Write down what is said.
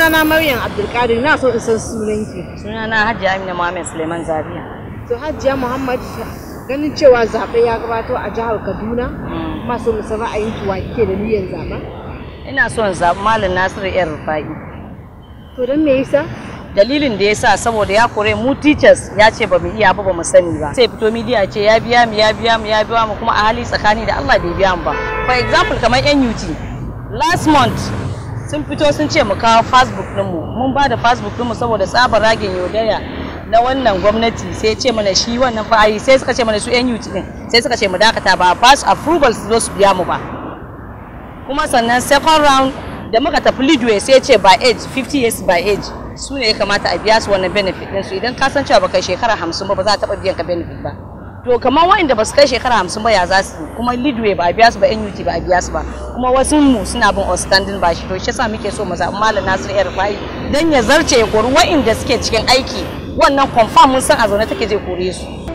sunana Maryam Abdulkadir na so in san sunanki. Sunana Hajji Amina Muhammad Suleiman Zabiya. To Hajji Muhammad ganin cewa zaɓe ya gabato a jihar Kaduna masu mm. musa ra'ayin ki kike da niyyar zaɓa? Ina so in zaɓi Malam Nasiru yar Rufa'i. To don me yasa? Dalilin da yasa saboda ya kore mu teachers ya ce ba mu iya ba ba mu sani ba. Sai fito media ce ya biya mu ya biya mu ya biya mu kuma a hali tsakani da Allah bai biya mu ba. For example kamar NUT last month sun fito sun ce mu kawo facebook mu mun ba da facebook mu saboda tsabar ragin yaudaya na wannan gwamnati sai ce mana shi wannan fa'ayi sai suka ce mana su yan yuti din sai suka ce mu dakata ba ba su approval su zo su biya mu ba kuma sannan second round da muka tafi lidwe sai ce by age 50 years by age su ne ya kamata a biya su wannan benefit din su idan ka san cewa baka shekara 50 ba ba za a taba biyan ka benefit ba to kamar waɗanda ba su kai shekara hamsin ba ya za su kuma lidwe ba a biya su ba nut ba a biya su ba kuma wasu mu suna bin outstanding ba shi to shi sa muke so mu zaɓi malam nasir yar fayi dan ya zarce ya kori waɗanda suke cikin aiki wannan confirm mun san a zaune take zai kore su